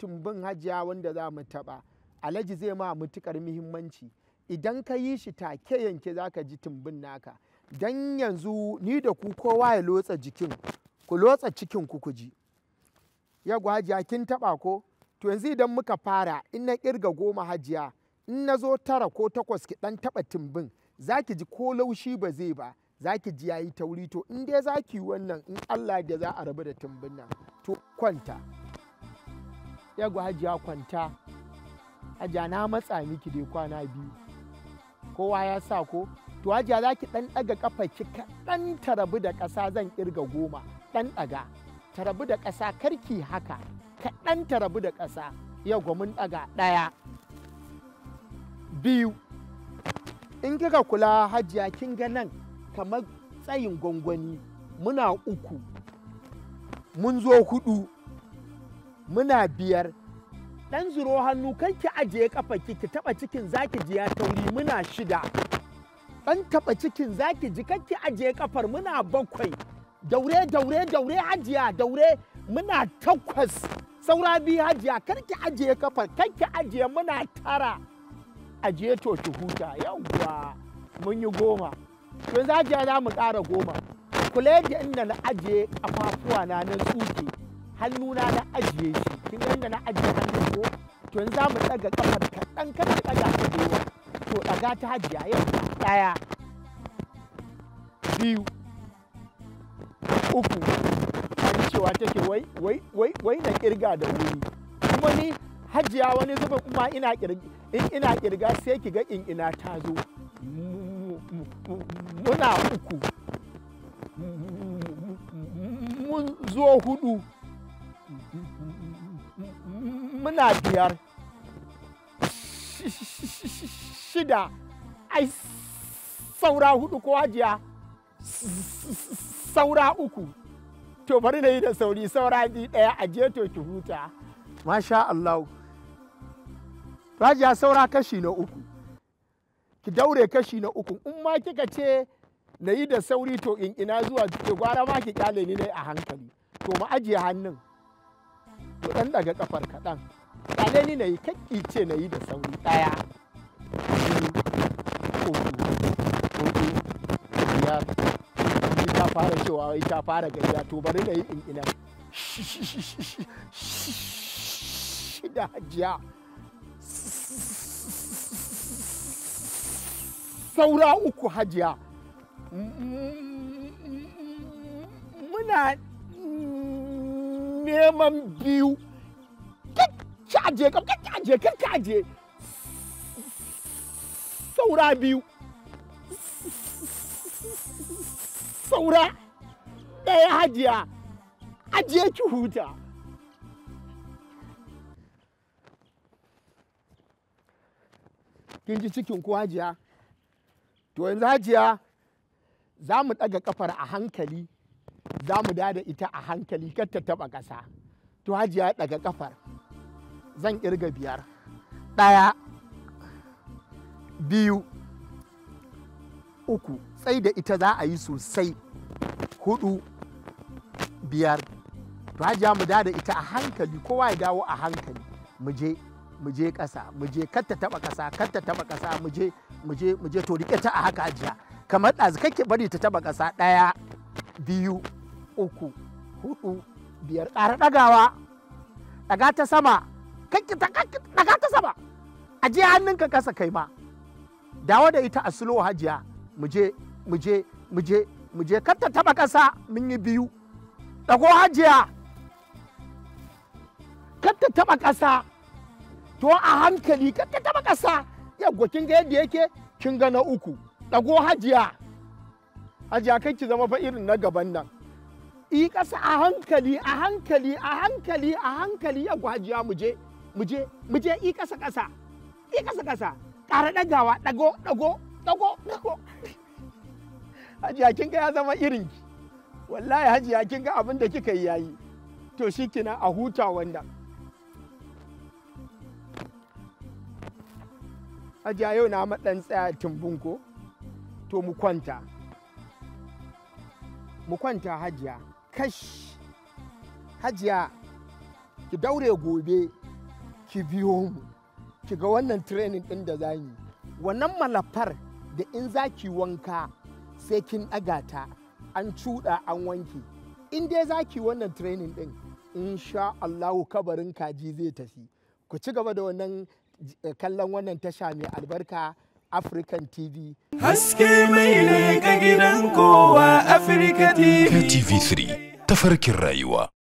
tumbin hajiya wanda za mu taɓa alaji zai ma mutukar muhimmanci idan ka yi shi take yanke za ka ji tumbin naka don yanzu ni da ku kowa ya lotsa jikin ku lotsa cikin ku ku ji yagwa hajiya kin taɓa ko to yanzu idan muka fara in na kirga goma hajiya in na zo tara ko takwas ki ɗan taɓa tumbin za ki ji ko laushi ba zai ba za ki ji yayi tauri to in dai za ki yi wannan in Allah da za a rabu da tumbin nan to kwanta yagwa hajiya kwanta hajiya na matsa miki dai kwana biyu kowa ya sa ko to hajiya za ki ɗan ɗaga ƙafa ki kaɗan da ƙasa zan ƙirga goma ɗan ɗaga tarabu da ƙasa karki haka kaɗan ta tarabu da ƙasa yau mun ɗaga ɗaya biyu in kika kula hajiya kin ga nan kamar tsayin gwangwani muna uku mun zo huɗu. muna biyar ɗan zuro hannu kan ki ajiye kafa ki taɓa cikin zaki ji ya tauri muna shida ɗan taɓa cikin zaki ji kan ki ajiye kafar muna bakwai daure daure daure hajiya daure muna takwas saura biyu hajiya kar ki ajiye kafar kar ki ajiye muna tara ajiye to ki huta yawwa mun yi goma yanzu hajiya za mu ƙara goma kula yadda inda na ajiye kafafuwa na na tsuke hannuna na ajiye shi kin ganga na ajiye hannun ko to yanzu za mu ɗaga ƙafar ka kada ka ɗaga ka da to daga ta hajiya yau ɗaya biyu uku an cewa take wai wai wai wai na kirga da wuri kuma ni hajiya wani zuba kuma ina kirga in ina kirga sai ki ga in ina ta zo muna uku mun zo hudu muna biyar shida ai saura hudu ko hajiya saura uku to bari na yi da sauri saura biyu ɗaya a jeto ki huta masha Allah hajiya saura kashi na uku ki daure kashi na uku in ma kika ce na yi da sauri to in ina zuwa gwara ma ki kyale ni ne a hankali to ma ajiye hannun ɗan daga kafar kaɗan ƙyale ni na yi kakki ce na yi da sauri ɗaya ta fara cewa wai ta fara gajiya to bari na yi in ina shida hajiya saura uku hajiya muna neman biyu kakkaje kakkaje kakkaje saura biyu saura ɗaya hajiya ajiye ki huta kin ji cikin ku hajiya to yanzu hajiya za mu ɗaga kafar a hankali za mu da da ita a hankali kar ta taɓa ƙasa to hajiya daga ƙafar zan kirga biyar ɗaya biyu uku sai da ita za a yi sosai hudu biyar to hajiya mu da da ita a hankali kowa ya dawo a hankali mu je mu je ƙasa mu je kar ta taɓa ƙasa kar ta taɓa ƙasa mu je mu je mu je to riƙe ta a haka hajiya kamar ɗazu kake bari ta taɓa ƙasa ɗaya biyu uku hudu biyar ƙara ɗagawa ɗaga ta sama ɗaga ta sama aje hannunka kasa kai ma dawo da ita a sulo hajiya muje muje muje muje kar ta taba ƙasa mun yi biyu ɗago hajiya kar ta taba ƙasa to a hankali kar ta taba ƙasa yaggo kin ga yadda yake kin ga na uku ɗago hajiya hajiya kai ki zama fa irin na gaban nan yi ƙasa a hankali a hankali a hankali a hankali ya gwajiya muje muje muje yi ƙasa ƙasa yi ƙasa ƙasa ƙara ɗagawa ɗago ɗago ɗago ɗago hajiya kin ga ya zama irin ki wallahi hajiya kin ga abin da kika yi yayi to shi kina a huta wanda. hajiya yau na maɗan tsaya tumbun ko to mu kwanta mu kwanta hajiya kash hajiya ki daure gobe ki biyo mu ki ga wannan training ɗin da za yi wannan malafar da in za ki wanka sai kin ɗaga ta an cuɗa an wanke in dai za ki wannan training ɗin insha Allahu kabarin kaji zai tafi ku ci gaba da wannan eh, kallon wannan tasha mai albarka African TV. Haske mai ne ga gidan kowa Africa TV. TV3 tafarkin rayuwa.